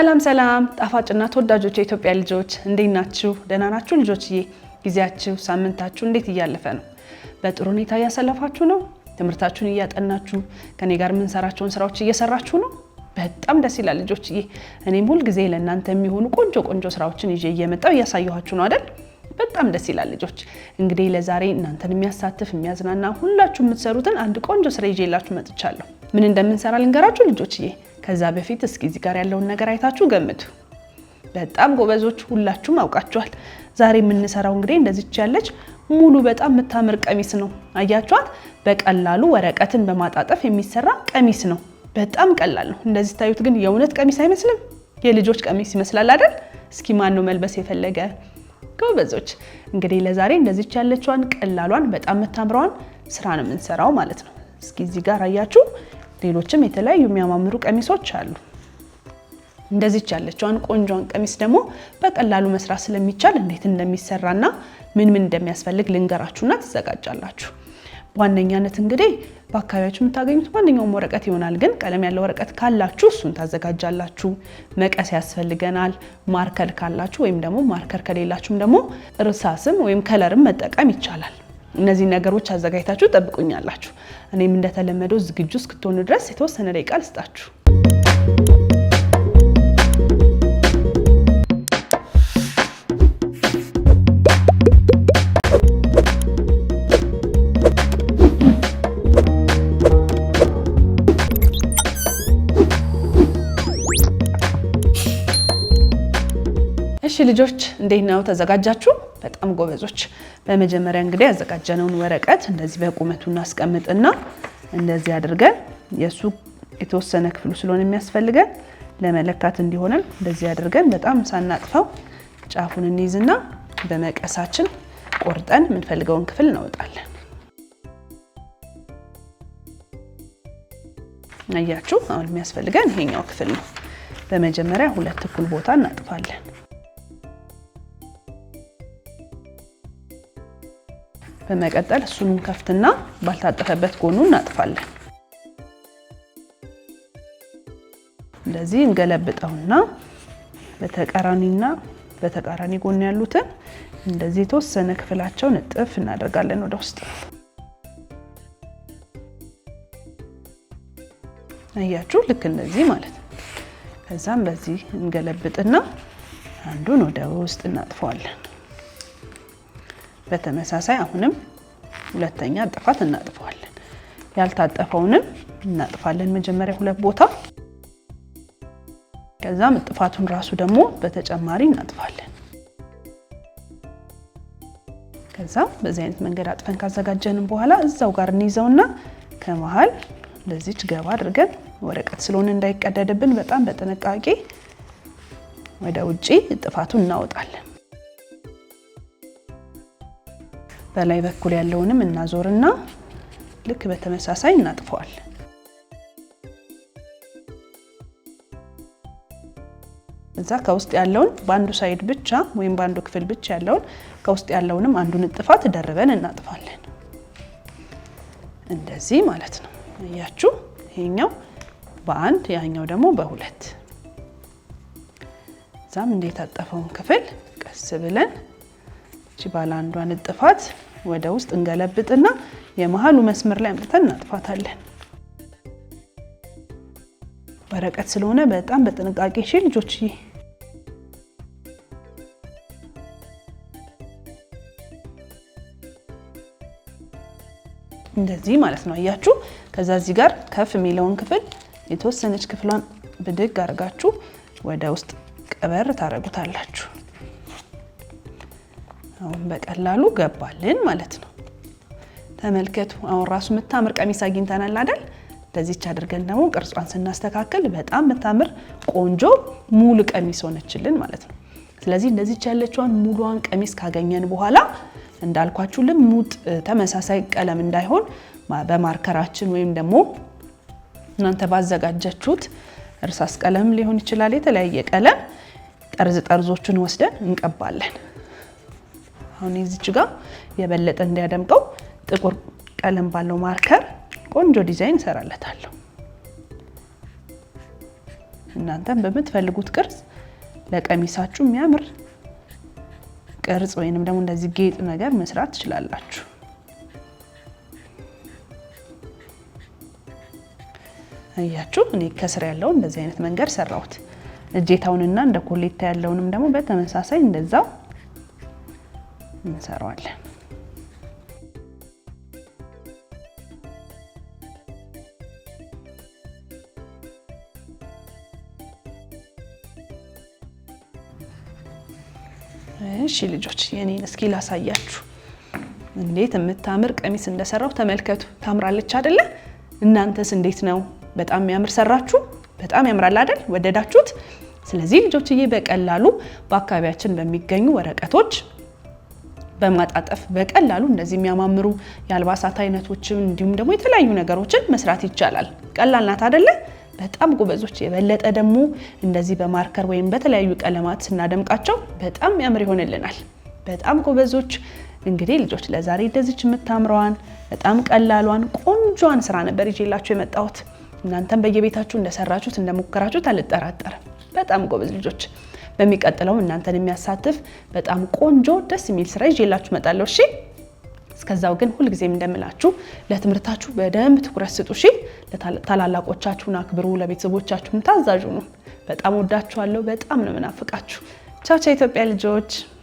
ሰላም ሰላም ጣፋጭና ተወዳጆች የኢትዮጵያ ልጆች እንዴት ናችሁ? ደህና ናችሁ ልጆችዬ? ጊዜያችሁ ሳምንታችሁ እንዴት እያለፈ ነው? በጥሩ ሁኔታ እያሳለፋችሁ ነው? ትምህርታችሁን እያጠናችሁ ከኔ ጋር የምንሰራቸውን ስራዎች እየሰራችሁ ነው? በጣም ደስ ይላል ልጆችዬ። እኔም ሁልጊዜ ለእናንተ የሚሆኑ ቆንጆ ቆንጆ ስራዎችን ይዤ እየመጣው እያሳየኋችሁ ነው አይደል? በጣም ደስ ይላል ልጆች። እንግዲህ ለዛሬ እናንተን የሚያሳትፍ የሚያዝናና ሁላችሁ የምትሰሩትን አንድ ቆንጆ ስራ ይዤላችሁ መጥቻለሁ። ምን እንደምንሰራ ልንገራችሁ ልጆችዬ። ከዛ በፊት እስኪ እዚህ ጋር ያለውን ነገር አይታችሁ ገምቱ። በጣም ጎበዞች ሁላችሁም አውቃችኋል። ዛሬ የምንሰራው እንግዲህ እንደዚች ያለች ሙሉ በጣም የምታምር ቀሚስ ነው። አያችኋት? በቀላሉ ወረቀትን በማጣጠፍ የሚሰራ ቀሚስ ነው። በጣም ቀላል ነው። እንደዚህ ታዩት ግን የእውነት ቀሚስ አይመስልም? የልጆች ቀሚስ ይመስላል አይደል? እስኪ ማን ነው መልበስ የፈለገ? ጎበዞች። እንግዲህ ለዛሬ እንደዚች ያለችዋን ቀላሏን በጣም የምታምረዋን ስራ ነው የምንሰራው ማለት ነው። እስኪ እዚህ ጋር አያችሁ ሌሎችም የተለያዩ የሚያማምሩ ቀሚሶች አሉ። እንደዚች ያለችዋን ቆንጆን ቀሚስ ደግሞ በቀላሉ መስራት ስለሚቻል እንዴት እንደሚሰራና ምን ምን እንደሚያስፈልግ ልንገራችሁና ትዘጋጃላችሁ። በዋነኛነት እንግዲህ በአካባቢያችሁ የምታገኙት ማንኛውም ወረቀት ይሆናል። ግን ቀለም ያለው ወረቀት ካላችሁ እሱን ታዘጋጃላችሁ። መቀስ ያስፈልገናል። ማርከር ካላችሁ ወይም ደግሞ ማርከር ከሌላችሁም ደግሞ እርሳስም ወይም ከለርም መጠቀም ይቻላል። እነዚህ ነገሮች አዘጋጅታችሁ ጠብቁኛላችሁ። እኔም እንደተለመደው ዝግጁ እስክትሆኑ ድረስ የተወሰነ ደቂቃ ልስጣችሁ። እሺ ልጆች እንዴት ነው? ተዘጋጃችሁ? በጣም ጎበዞች። በመጀመሪያ እንግዲህ ያዘጋጀነውን ወረቀት እንደዚህ በቁመቱ እናስቀምጥና እንደዚህ አድርገን የእሱ የተወሰነ ክፍሉ ስለሆነ የሚያስፈልገን ለመለካት እንዲሆንም እንደዚህ አድርገን በጣም ሳናጥፈው ጫፉን እንይዝና በመቀሳችን ቆርጠን የምንፈልገውን ክፍል እናወጣለን። አያችሁ፣ አሁን የሚያስፈልገን ይሄኛው ክፍል ነው። በመጀመሪያ ሁለት እኩል ቦታ እናጥፋለን። በመቀጠል እሱንም ከፍትና ባልታጠፈበት ጎኑ እናጥፋለን። እንደዚህ እንገለብጠውና በተቃራኒና በተቃራኒ ጎን ያሉትን እንደዚህ የተወሰነ ክፍላቸውን ንጥፍ እናደርጋለን ወደ ውስጥ። አያችሁ፣ ልክ እንደዚህ ማለት ነው። ከዛም በዚህ እንገለብጥና አንዱን ወደ ውስጥ እናጥፈዋለን። በተመሳሳይ አሁንም ሁለተኛ ጥፋት እናጥፈዋለን። ያልታጠፈውንም እናጥፋለን መጀመሪያ ሁለት ቦታ ከዛም ጥፋቱን ራሱ ደግሞ በተጨማሪ እናጥፋለን። ከዛ በዚህ አይነት መንገድ አጥፈን ካዘጋጀንም በኋላ እዛው ጋር እንይዘውና ከመሀል እንደዚች ገባ አድርገን ወረቀት ስለሆነ እንዳይቀደድብን በጣም በጥንቃቄ ወደ ውጪ ጥፋቱን እናወጣለን። በላይ በኩል ያለውንም እናዞርና ልክ በተመሳሳይ እናጥፈዋል። እዛ ከውስጥ ያለውን በአንዱ ሳይድ ብቻ ወይም በአንዱ ክፍል ብቻ ያለውን ከውስጥ ያለውንም አንዱን እጥፋት ደርበን እናጥፋለን። እንደዚህ ማለት ነው። እያችሁ ይሄኛው በአንድ ያኛው ደግሞ በሁለት እዛም እንደ የታጠፈውን ክፍል ቀስ ብለን እቺ ባለ አንዷን እጥፋት ወደ ውስጥ እንገለብጥና የመሀሉ መስመር ላይ አምጥተን እናጥፋታለን። ወረቀት ስለሆነ በጣም በጥንቃቄ እሺ ልጆች። እንደዚህ ማለት ነው። አያችሁ? ከዛ እዚህ ጋር ከፍ የሚለውን ክፍል የተወሰነች ክፍሏን ብድግ አድርጋችሁ ወደ ውስጥ ቀበር ታደርጉታላችሁ። አሁን በቀላሉ ገባልን ማለት ነው። ተመልከቱ አሁን ራሱ የምታምር ቀሚስ አግኝተናል አይደል? እንደዚች አድርገን ደግሞ ቅርጿን ስናስተካከል በጣም የምታምር ቆንጆ ሙሉ ቀሚስ ሆነችልን ማለት ነው። ስለዚህ እንደዚች ያለችዋን ሙሉዋን ቀሚስ ካገኘን በኋላ እንዳልኳችሁ ልሙጥ ተመሳሳይ ቀለም እንዳይሆን በማርከራችን ወይም ደግሞ እናንተ ባዘጋጃችሁት እርሳስ ቀለም ሊሆን ይችላል፣ የተለያየ ቀለም ጠርዝ ጠርዞቹን ወስደን እንቀባለን። አሁን እዚች ጋር የበለጠ እንዲያደምቀው ጥቁር ቀለም ባለው ማርከር ቆንጆ ዲዛይን እሰራለታለሁ። እናንተም በምትፈልጉት ቅርጽ ለቀሚሳችሁ የሚያምር ቅርጽ ወይንም ደግሞ እንደዚህ ጌጥ ነገር መስራት ትችላላችሁ። እያችሁ እኔ ከስር ያለውን እንደዚህ አይነት መንገድ ሰራሁት። እጀታውንና እንደ ኮሌታ ያለውንም ደግሞ በተመሳሳይ እንደዛው እንሰራዋለን። እሺ ልጆች የኔን እስኪ ላሳያችሁ እንዴት የምታምር ቀሚስ እንደሰራው ተመልከቱ። ታምራለች አደለ? እናንተስ እንዴት ነው? በጣም የሚያምር ሰራችሁ። በጣም ያምራል አደል? ወደዳችሁት? ስለዚህ ልጆችዬ በቀላሉ በአካባቢያችን በሚገኙ ወረቀቶች በማጣጠፍ በቀላሉ እነዚህ የሚያማምሩ የአልባሳት አይነቶችን እንዲሁም ደግሞ የተለያዩ ነገሮችን መስራት ይቻላል። ቀላል ናት አደለ? በጣም ጎበዞች። የበለጠ ደግሞ እንደዚህ በማርከር ወይም በተለያዩ ቀለማት ስናደምቃቸው በጣም ያምር ይሆንልናል። በጣም ጎበዞች። እንግዲህ ልጆች ለዛሬ እንደዚች የምታምረዋን በጣም ቀላሏን ቆንጆን ስራ ነበር ይዤላችሁ የመጣሁት። እናንተም በየቤታችሁ እንደሰራችሁት እንደሞከራችሁት አልጠራጠርም። በጣም ጎበዝ ልጆች። በሚቀጥለው እናንተን የሚያሳትፍ በጣም ቆንጆ ደስ የሚል ስራ ይዤላችሁ እመጣለሁ። እሺ እስከዛው ግን ሁልጊዜም እንደምላችሁ ለትምህርታችሁ በደንብ ትኩረት ስጡ። እሺ ታላላቆቻችሁን አክብሩ፣ ለቤተሰቦቻችሁም ታዛዡ ነው። በጣም ወዳችኋለሁ። በጣም ነው ምናፍቃችሁ። ቻው ቻው፣ ኢትዮጵያ ልጆች